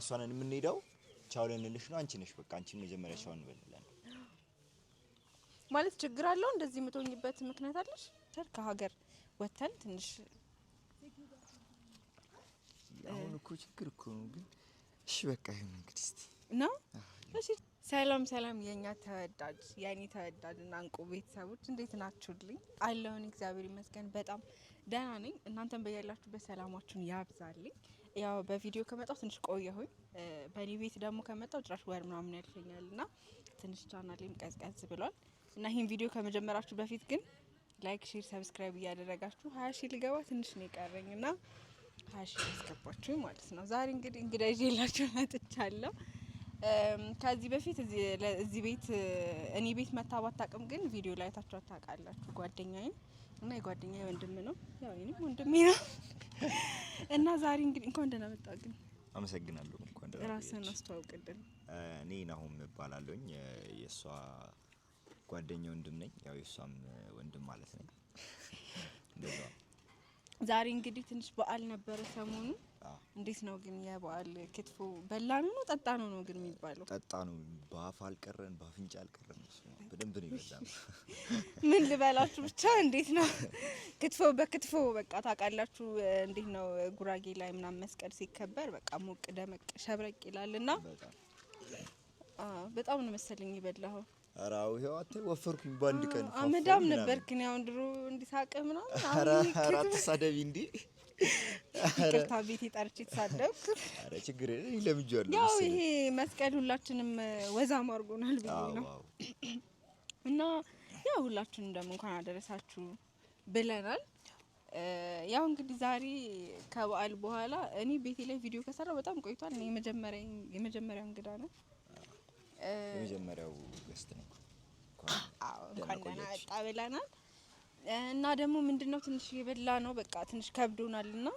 እሷንን የምንሄደው ቻው ልንልሽ ነው። አንቺ ነሽ በቃ አንቺ መጀመሪያ ቻው እንበልለን። ማለት ችግር አለው እንደዚህ የምትሆኝበት ምክንያት አለሽ? ከሀገር ወተን ትንሽ አሁን እኮ ችግር እኮ ነው ግን እሺ በቃ ይሁን እንግዲህ እስቲ ነው። እሺ ሰላም ሰላም፣ የኛ ተወዳጅ የኔ ተወዳጅ እና እንቁ ቤተሰቦች እንዴት ናችሁልኝ? አለሁን እግዚአብሔር ይመስገን በጣም ደህና ነኝ። እናንተም በያላችሁበት ሰላማችሁን ያብዛልኝ። ያው በቪዲዮ ከመጣው ትንሽ ቆየሁኝ። በእኔ ቤት ደግሞ ከመጣው ጭራሽ ወር ምናምን ያልፈኛል እና ትንሽ ቻናሌም ቀዝቀዝ ብሏል እና ይህን ቪዲዮ ከመጀመራችሁ በፊት ግን ላይክ፣ ሼር፣ ሰብስክራይብ እያደረጋችሁ ሀያ ሺ ልገባ ትንሽ ነው የቀረኝ እና ሀያ ሺ ያስገባችሁ ማለት ነው። ዛሬ እንግዲህ እንግዳ ይዤላችሁ መጥቻለሁ። ከዚህ በፊት እዚህ ቤት እኔ ቤት መታ ባታውቅም ግን ቪዲዮ ላይ ታችሁ ታውቃላችሁ። ጓደኛዬም እና የጓደኛዬ ወንድም ነው ያው ወንድሜ ነው እና ዛሬ እንግዲህ እንኳን ደህና መጣ። ግን አመሰግናለሁ። እንኳን ደህና ራስን አስተዋውቅልን። እኔ ናሁም እባላለሁኝ የእሷ ጓደኛ ወንድም ነኝ። ያው የእሷም ወንድም ማለት ነኝ እንደዛ ዛሬ እንግዲህ ትንሽ በዓል ነበረ ሰሞኑ። እንዴት ነው ግን የበዓል ክትፎ በላ ነው ነው ጠጣ ነው ነው ግን የሚባለው? ጠጣ ነው። በአፍ አልቀረን በአፍንጫ አልቀረን በደንብ ነው ይበላ። ምን ልበላችሁ ብቻ እንዴት ነው ክትፎ በክትፎ በቃ ታውቃላችሁ፣ እንዴት ነው ጉራጌ ላይ ምናምን መስቀል ሲከበር በቃ ሞቅ ደመቅ ሸብረቅ ይላል ና በጣም ነው መሰለኝ የበላኸው ኧረ አዎ ይኸው አታይ ወፈርኩኝ በአንድ ቀን አመዳም ነበርክ ነው አሁን ድሮ እንዲሳቀህ ምናምን ኧረ ኧረ አትሳደቢ እንዲ ይቅርታ ቤቴ ጠርቼ ተሳደብኩ አረ ችግር ለምጄዋለሁ ያው ይሄ መስቀል ሁላችንም ወዛም አድርጎናል ብዬ ነው እና ያው ሁላችንም ደግሞ እንኳን አደረሳችሁ ብለናል ያው እንግዲህ ዛሬ ከበዓል በኋላ እኔ ቤቴ ላይ ቪዲዮ ከሰራ በጣም ቆይቷል እኔ የመጀመሪያ እንግዳ ነው የመጀመሪያው ገስት ነው። እንኳን ደህና ብለናል እና ደግሞ ምንድን ነው ትንሽ የበላ ነው በቃ ትንሽ ከብዶናል እና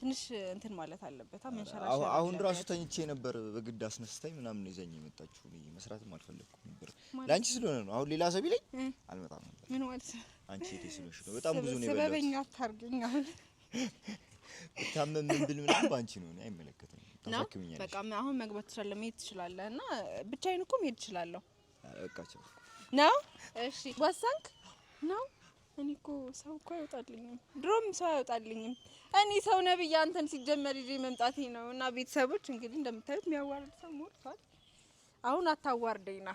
ትንሽ እንትን ማለት አለበት መንሸራሸር። አሁን ራሱ ተኝቼ ነበር፣ በግድ አስነስታኝ ምናምን ይዘኝ የመጣችሁ መስራትም አልፈለግኩም ነበር። ለአንቺ ስለሆነ ነው። አሁን ሌላ ሰው ቢለኝ አልመጣም ነበር። ምን ማለት አንቺ ነው። በጣም ብዙ ነው። ስበበኛ አታርገኝ። አሁን ምን ብል ምናምን በአንቺ ነው፣ እኔ አይመለከተኝም ነው። በቃ አሁን መግባት ትችላለህ፣ መሄድ ትችላለህ። እና ብቻዬን እኮ መሄድ እችላለሁ ነው። እሺ ወሰንክ ነው። እኔ እኮ ሰው እኮ አይወጣልኝም፣ ድሮም ሰው አይወጣልኝም። እኔ ሰው ነብዬ አንተን ሲጀመር ይዤ መምጣቴ ነው። እና ቤተሰቦች እንግዲህ እንደምታዩት የሚያዋርድ ሰው ሞልቷል። አሁን አታዋርደኝ ና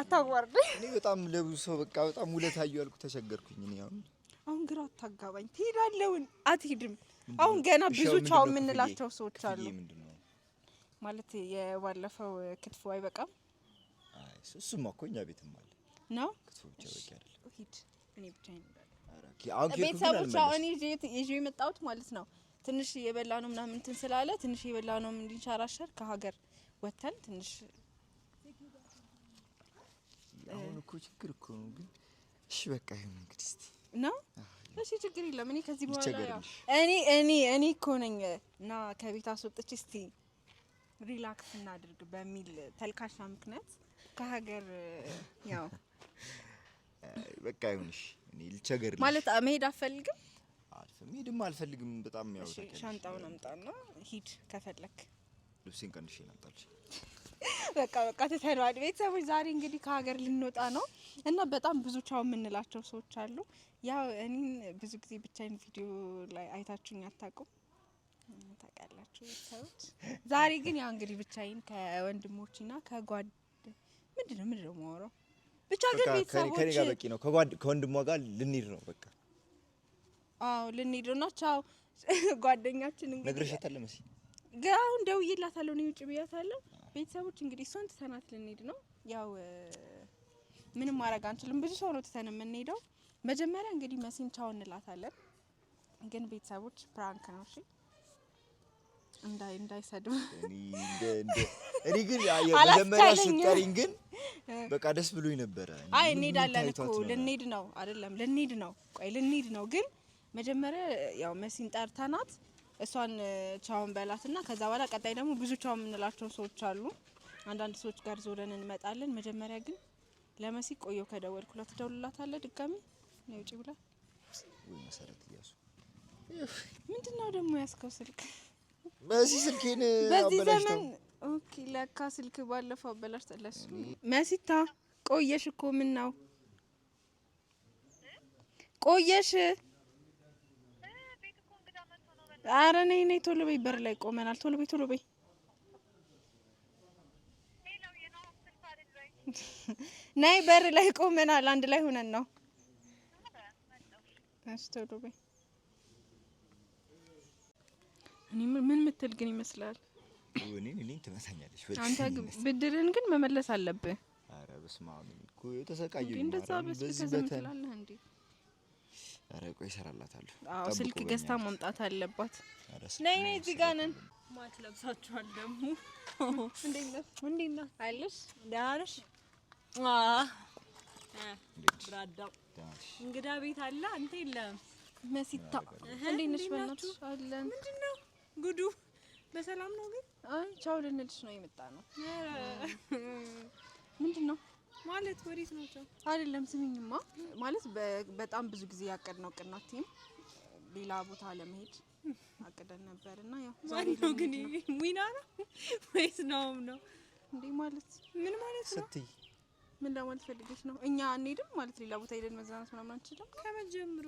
አታዋርደኝ። እኔ በጣም ለብዙ ሰው በቃ በጣም ውለታየሁ ያልኩ ተቸገርኩኝ። እኔ አሁን አሁን ግራ አታጋባኝ። ትሄዳለህ አትሄድም አሁን ገና ብዙ ቻው የምንላቸው ሰዎች አሉ ማለት የባለፈው ክትፎ አይበቃም። እሱማ እኮ እኛ ቤትም አለ ነው ክትፎ ብቻ በቂ አይደለም። ሂድ እኔ ቤተሰቦች አሁን ይዤ የመጣሁት ማለት ነው ትንሽ የበላ ነው ምናምን እንትን ስላለ ትንሽ የበላ ነው እንዲንሸራሸር ከሀገር ወተን ትንሽ አሁን እኮ ችግር እኮ ነው ግን እሺ በቃ ይሁን እንግዲህ ነው እሺ ችግር የለም። እኔ ከዚህ በኋላ እኔ እኔ እኔ እኮ ነኝ እና ከቤት አስወጥቼ እስቲ ሪላክስ እናድርግ በሚል ተልካሻ ምክንያት ከሀገር ያው በቃ ይሁንሽ። እኔ ልቸገር ማለት መሄድ አትፈልግም? መሄድማ አልፈልግም። በጣም ያው ሻንጣውን አምጣና ሂድ ከፈለክ ልብሴን ቀንሼ ላምጣልሽ በቃ በቃ ትተነዋል። ቤተሰቦች ዛሬ እንግዲህ ከሀገር ልንወጣ ነው እና በጣም ብዙ ቻው የምንላቸው ሰዎች አሉ። ያው እኔን ብዙ ጊዜ ብቻዬን ቪዲዮ ላይ አይታችሁኝ አታውቁም ታውቃላችሁ ቤተሰቦች። ዛሬ ግን ያው እንግዲህ ብቻዬን ከወንድሞችና ከጓድ ምንድን ነው ምንድን ነው የማወራው ብቻ ግን ቤተሰቦች ከኔ ጋር በቂ ነው። ከወንድሟ ጋር ልንሄድ ነው በቃ አዎ ልንሄድ ነው ቻው ጓደኛችን እንግዲህ ነግረሻታለሁ መሲ ግን አሁን ደውዬላታለሁ ነው ውጭ ብያታለሁ ቤተሰቦች እንግዲህ እሷን ትተናት ልንሄድ ነው። ያው ምንም ማድረግ አንችልም። ብዙ ሰው ነው ትተን የምንሄደው። መጀመሪያ እንግዲህ መሲን ቻው እንላታለን። ግን ቤተሰቦች ፕራንክ ነው እሺ፣ እንዳይ እንዳይሰድብ ግን መጀመሪያ ስትጠሪኝ ግን በቃ ደስ ብሎኝ ነበረ። አይ እንሄዳለን እኮ ልንሄድ ነው አይደለም፣ ልንሄድ ነው፣ ቆይ ልንሄድ ነው። ግን መጀመሪያ ያው መሲን ጠርተናት እሷን ቻውን በላት እና ከዛ በኋላ ቀጣይ ደግሞ ብዙ ቻው የምንላቸው ሰዎች አሉ። አንዳንድ ሰዎች ጋር ዞረን እንመጣለን። መጀመሪያ ግን ለመሲ ቆየው ከደወልኩላት አለ ድጋሚ ነው ብላ ወይ መሰረት እያሱ ምንድን ነው ደግሞ ያስከው ስልክ መሲ ስልኬን በዚህ ዘመን ኦኬ፣ ለካ ስልክ ባለፈው አበላሽታለሽ። መሲታ ቆየሽ እኮ ምን ነው ቆየሽ? አረ ነይ ነይ፣ ቶሎ በይ። በር ላይ ቆመናል። ቶሎ በይ፣ ቶሎ በይ። ነይ፣ በር ላይ ቆመናል። አንድ ላይ ሆነን ነው። እሺ፣ ቶሎ በይ። እኔ ምን ምትል ግን ይመስላል። እኔን እኔን ትመሳኛለች። አንተ ብድርን ግን መመለስ አለብህ። አረ በስመ አብ እኮ የተሰቃየሁ እንደዛ በስከ ዘምትላለህ እንዴ? ረቆ ይሰራላታል። አዎ ስልክ ገዝታ መምጣት አለባት። ነይ ነይ፣ እዚህ ጋር ነን። ማት ለብሳችኋል ደግሞ። እንዴት ነው? እንዴት ነው? አለሽ? ደህና ነሽ? አዎ ብራዳው እንግዳ ቤት አለ። አንተ የለም መሲታ፣ እንዴት ነሽ? በእናትሽ አለን። ምንድን ነው ጉዱ? በሰላም ነው ግን? አይ ቻው ልንልሽ ነው የመጣ ነው። ምንድን ነው ማለት ወዴት ናቸው? አይደለም ስሚኝማ፣ ማለት በጣም ብዙ ጊዜ ያቀድነው ቲም ሌላ ቦታ ለመሄድ አቅደን ነበር እና ያው ዛሬ ነው። ግን ሙይና ነው ወይስ ነውም ነው እንዴ? ማለት ምን ማለት ነው ስትይ ምን ለማለት ፈልገሽ ነው? እኛ አንሄድም ማለት ሌላ ቦታ ሄደን መዝናናት ምናምን አንችልም? ከመጀመሩ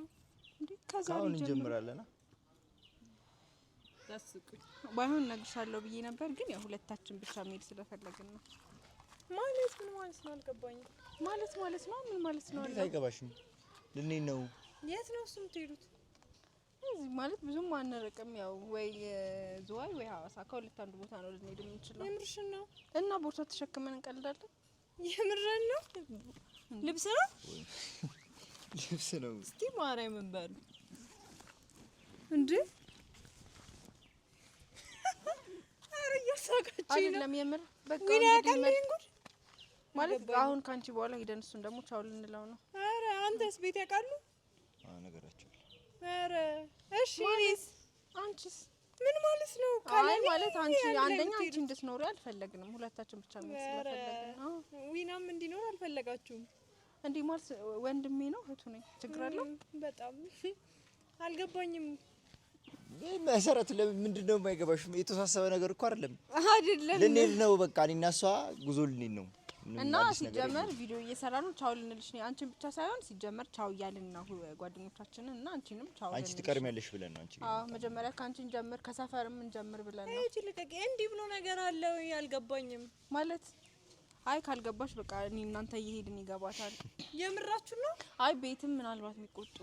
እንዴ ከዛው እንጀምራለን። ባይሆን እነግርሻለሁ ብዬ ነበር፣ ግን ያው ሁለታችን ብቻ መሄድ ስለፈለግን ነው። ማለት ምን ማለት ነው? አልገባኝም። ማለት ማለት ነው ምን ማለት ነው? እንዴት አይገባሽም? ልንሄድ ነው። የት ነው እሱ የምትሄዱት? እዚህ ማለት ብዙም አንርቅም። ያው ወይ ዝዋይ ወይ ሀዋሳ ከሁለት አንዱ ቦታ ነው ልንሄድ የምንችለው። የምርሽን ነው? እና ቦርሳ ተሸክመን እንቀልዳለን። የምረን ነው? ልብስ ነው ልብስ ነው። እስቲ ማርያም እንበሉ እንዴ! አረ እያሳቃችኝ ነው። አይደለም የምር በቃ ምን ያቀልልኝ ጉድ ማለት አሁን ካንቺ በኋላ ሄደን እሱን ደግሞ ቻው ልንለው ነው። አረ አንተስ ቤት ያውቃሉ ነገራቸው። አረ እሺ እኔስ አንቺስ ምን ማለት ነው? ካለ ማለት አንቺ አንደኛ አንቺ እንድትኖሪ አልፈለግንም፣ ሁለታችን ብቻ ነው ስለፈለግን። ዊናም እንዲኖር አልፈለጋችሁም? እንዲህ ማለት ወንድሜ ነው እህቱ ነኝ። ችግር አለው? በጣም አልገባኝም። መሰረቱ ለምንድን ነው የማይገባሽ? የተሳሰበ ነገር እኮ አይደለም። አይደለም ልንሄድ ነው በቃ እኔ እና እሷ ጉዞ ልንሄድ ነው እና ሲጀመር ቪዲዮ እየሰራ ነው። ቻው ልንልሽ ነው። አንቺን ብቻ ሳይሆን ሲጀመር ቻው እያልን ነው ጓደኞቻችንን እና አንቺንም ቻው። አንቺ ትቀድሚያለሽ ብለን ነው። አንቺ አዎ መጀመሪያ ከአንቺን ጀምር፣ ከሰፈርም እንጀምር ብለን ነው። እቺ ልቀቂ። እንዲህ ብሎ ነገር አለው አልገባኝም። ማለት አይ ካልገባሽ በቃ እኔ እናንተ እየሄድን ይገባታል። የምራችሁ ነው? አይ ቤትም ምናልባት የሚቆጡ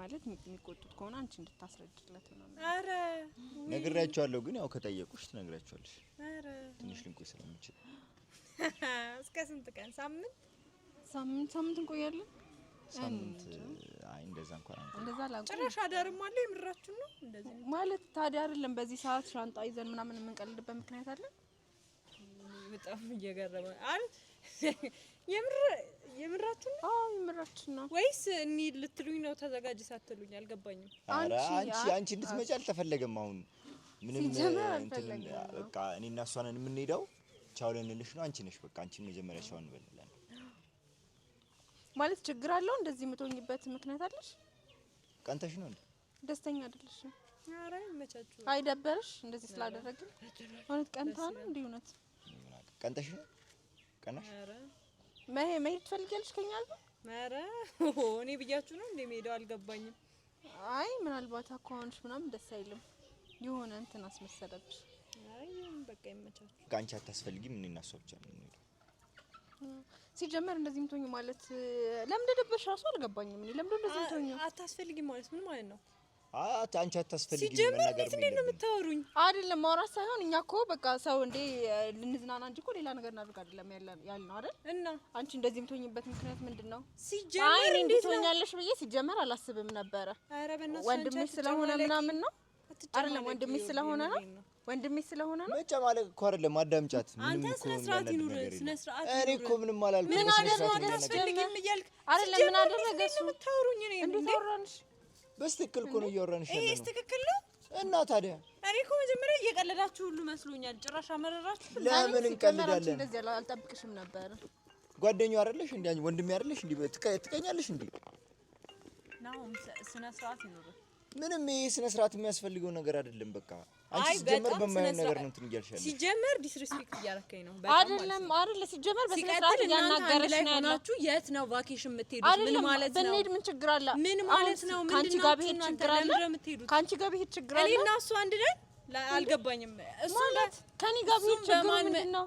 ማለት የሚቆጡት ከሆነ አንቺ እንድታስረጅለት ነው። አረ ነግሬያቸዋለሁ፣ ግን ያው ከጠየቁሽ ትነግሪያቸዋለሽ። አረ ትንሽ ልንቆይ ስለምችል እስከ ስንት ቀን? ሳምንት ሳምንት ሳምንት እንቆያለን። ሳምንት አይ እንደዛ እንኳን አንተ እንደዛ ላንቆ ጭራሽ አዳርም አለ። የምራችሁ ነው እንደዚህ ማለት ታዲያ አይደለም። በዚህ ሰዓት ሻንጣ ይዘን ምናምን የምንቀልድበት ምክንያት አለ። በጣም እየገረመ አይደል? የምር የምራችሁ ነው? አዎ የምራችሁ ነው። ወይስ እኒ ልትሉኝ ነው? ተዘጋጅ ሳትሉኝ አልገባኝም። አንቺ አንቺ እንድትመጪ አልተፈለገም። አሁን ምንም እንትን በቃ እኔ እና እሷ ነን የምንሄደው ቻው ልንልሽ ነው። አንቺ ነሽ በቃ አንቺ መጀመሪያ ቻው እንበላለን ማለት ችግር አለው። እንደዚህ የምትሆኝበት ምክንያት አለሽ? ቀንተሽ ነው እንዴ? ደስተኛ አይደለሽ? ኧረ ይመቻችሁ። አይደበርሽ እንደዚህ ስላደረግን? እውነት ቀንታ ነው እንዴ? እውነት ቀንተሽ ነው? ቀናሽ? ኧረ መሄድ መሄድ ትፈልጊያለሽ ከኛ ጋር? ኧረ እኔ ብያችሁ ነው እንዴ? መሄደው አልገባኝም። አይ ምናልባት አኳኋንሽ ምናምን ደስ አይልም። የሆነ እንትን አስመሰለብሽ ይመቻችሁ። ከአንቺ አታስፈልጊም። እኔ እና ብቻ ነው የምንሄደው። ሲጀመር እንደዚህ ምትሆኝ ማለት ለምን ደደበሽ ራሱ አልገባኝም። እኔ ለምን እንደዚህ ምትሆኝ አታስፈልጊም ማለት ምን ማለት ነው? አንቺ አታስፈልጊም። ሲጀመር እንዴት እንዴት ነው የምታወሩኝ? አይደለም ማውራት ሳይሆን እኛ እኮ በቃ ሰው እንዴ ልንዝናና እንጂ እኮ ሌላ ነገር እናድርግ አይደለም ያል ነው አይደል? እና አንቺ እንደዚህ የምትሆኝበት ምክንያት ምንድን ነው? ሲጀመር እንዴት ሆኛለሽ ብዬ ሲጀመር አላስብም ነበረ። ወንድምሽ ስለሆነ ምናምን ነው አይደለም ወንድሜ ስለሆነ ነው። ወንድሜ ስለሆነ ነው። መቼ ማለት እኮ አይደለም። አዳምጫት። አንተ ስነ ስርዓት ይኑር። ስነ ስርዓት እኮ ምን አደረገ ምን አደረገ ነው እንዴ? በስትክክል እኮ ነው እያወራንሽ ነው። እና ታዲያ እኔ እኮ መጀመሪያ እየቀለዳችሁ ሁሉ መስሎኛል። ጭራሽ አመረራችሁ። ለምን እንቀልዳለን? እንደዚህ አልጠብቅሽም ነበር። ጓደኛው አይደለሽ እንዴ? ወንድሜ አይደለሽ እንዴ? ትቀኛለሽ እንዴ? ናው ስነ ስርዓት ይኑር። ምንም ይሄ ስነ ስርዓት የሚያስፈልገው ነገር አይደለም። በቃ አንቺ ሲጀመር በማይሆን ነገር ነው እንትን እያልሽ ያለሽ። ሲጀመር ዲስሪስፔክት እያረከኝ ነው አይደለም አይደለ? ሲጀመር በስነ ስርዓት እያናገረሽ ነው ያላችሁ። የት ነው ቫኬሽን የምትሄዱት? ምን ማለት ነው? ብንሄድ ምን ችግር አለ? ምን ማለት ነው? ካንቺ ጋር ብሄድ ችግር አለ? ካንቺ ጋር ብሄድ ችግር አለ? እኔ እና እሱ አንድ ነን። አልገባኝም። እሱ ማለት ከኔ ጋር ብሄድ ችግር ምንድን ነው?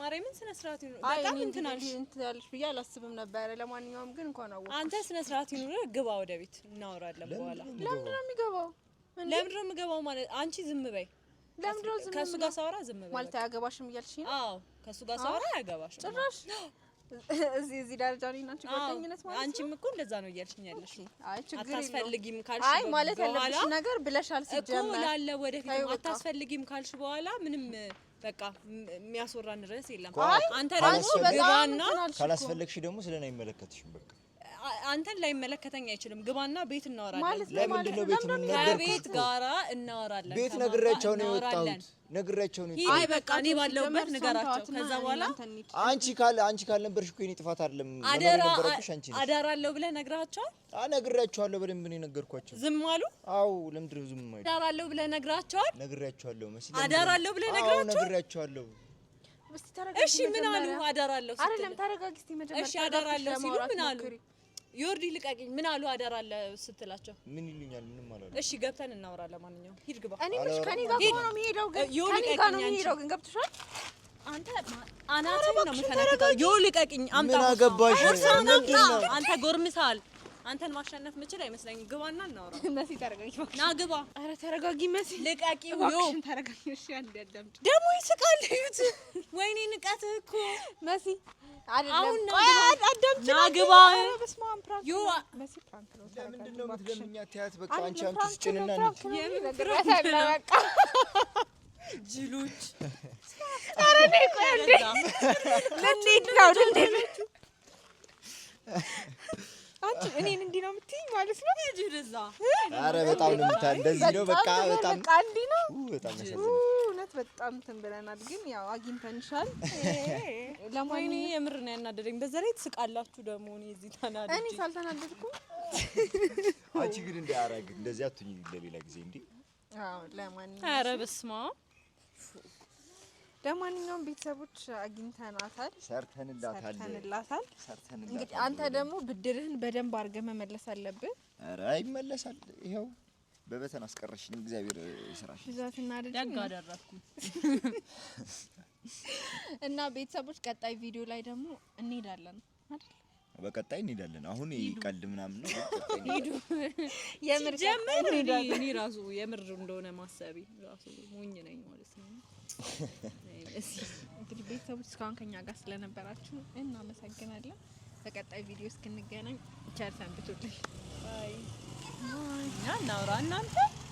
ማርያምን ስነ ስርዓት ይኑር። በጣም እንትን አልሽ እንትን ያልሽ ብዬ አላስብም ነበረ። ለማንኛውም ግን እንኳን አወቅሽ። አንተ ስነ ስርዓት ይኑር፣ ግባ ወደ ቤት እናወራለን በኋላ። ለምንድን ነው የሚገባው? ለምንድን ነው የሚገባው ማለት አንቺ ዝም በይ። ለምንድን ነው ዝም ከሱ ጋር ሳወራ ዝም በይ ማለት አያገባሽም እያልሽ ነው? አዎ ከሱ ጋር ሳወራ አያገባሽም ጭራሽ። እዚህ እዚህ ደረጃ ላይ ናችሁ ጓደኝነት ማለት አንቺም እኮ እንደዛ ነው እያልሽኝ ያለሽ። አይ ችግር የለውም አታስፈልጊም ካልሽ አይ ማለት ያለብሽ ነገር ብለሻል። ሲጀመር እኮ ላለ ወደፊት አታስፈልጊም ካልሽ በኋላ ምንም በቃ የሚያስወራን ርዕስ የለም። አንተ ደግሞ ግባና ካላስፈለግሽ ደግሞ ስለና አይመለከትሽም በቃ አንተን ላይ መለከተኝ አይችልም። ግባና ቤት እናወራለን። ለምንድን ነው ቤት ከቤት ጋራ እናወራለን። ቤት ነግሬያቸው ነው የወጣሁት፣ ነግሬያቸው ነው። አይ በቃ እኔ ባለሁበት ንገራቸው። ከዛ በኋላ አንቺ ካለ አንቺ ካልነበርሽ እኮ የእኔ ጥፋት አይደለም። አደራ አደራ አለው ብለህ ነግራቸዋል። አይ ነግሬያቸዋለሁ፣ በደንብ ነው የነገርኳቸው። ዝም አሉ። አዎ ለምንድን ነው ዝም ማለት? አደራ አለው ብለህ ነግራቸዋል። ነግሬያቸዋለሁ መሰለኝ። አደራ አለው ብለህ ነግራቸዋል። አዎ ነግሬያቸዋለሁ። እሺ ምን አሉ? አደራ አለው ስትል አይደለም። ተረጋግስቲ መጀመሪያ። እሺ አደራ አለው ሲሉ ምን አሉ? ዮርዲ ልቀቂኝ ምን አሉ አደራ አለ ስትላቸው ምን ይሉኛል? ምንም አላሉ። እሺ ገብተን እናወራ። ለማንኛውም ሂድ ግባ። እኔ ምንሽ ከኔ ጋር ነው የሚሄደው ግን ዮርዲ ጋር ነው የሚሄደው ግን ገብቶሻል? አንተ አናቴ ነው የምትነካው። ዮ ልቀቂኝ፣ አምጣ። ምን አገባሽ? አንተ ጎርምሳል አንተን ማሸነፍ ምችል አይመስለኝም። ግባና እናውራ። መሲ ተረጋጊ፣ ና ግባ። አረ ተረጋጊ መሲ፣ ልቀቂ። እባክሽን ተረጋጊ። እሺ ይስቃል። ዩት ወይኔ ንቀት እኮ መሲ። አሁን ነው ግባ። መሲ፣ ፕራንክ ነው። ለምንድን ነው የምትገምኛት? ትያት በቃ አንቺ አንቺ ስጭንና በቃ እኔ ቆይ እንዴ ልንሄድ ነው አንቺ እኔን እንዲህ ነው የምትይኝ ማለት ነው? ኧረ በጣም ነው የምታይ። እንደዚህ ነው በቃ በጣም በቃ እንዲህ ነው። እውነት በጣም እንትን ብለናል፣ ግን ያው አግኝተንሻል። ለማንኛውም የምር ነው ያናደደኝ። በዛ ላይ ትስቃላችሁ ደግሞ። እኔ እዚህ ተናደድኩ። እኔ ሳልተናደድኩ አንቺ ግን እንዳያረግ እንደዚህ አትሁኝ። ለሌላ ጊዜ እንዲህ ኧረ በስመ አብ ለማንኛውም ቤተሰቦች አግኝተናታል፣ ሰርተንላታል ሰርተንላታል። እንግዲህ አንተ ደግሞ ብድርህን በደንብ አድርገህ መመለስ አለብህ። ኧረ ይመለሳል። ይኸው በበተን አስቀረሽኝ። እግዚአብሔር ይስራሽ። ብዛትና ደግ አደረግኩ እና ቤተሰቦች ቀጣይ ቪዲዮ ላይ ደግሞ እንሄዳለን አይደል? በቀጣይ እንሄዳለን። አሁን ቀልድ ምናምን ነው። ሂዱ የምር ጀምር። እኔ ራሱ የምር እንደሆነ ማሰቤ ራሱ ሞኝ ነኝ ማለት ነው። እንግዲህ ቤተሰቦች እስካሁን ከኛ ጋር ስለነበራችሁ እናመሰግናለን። በቀጣይ ቪዲዮ እስክንገናኝ ቸር ሰንብቱልን። እናውራ እናንተ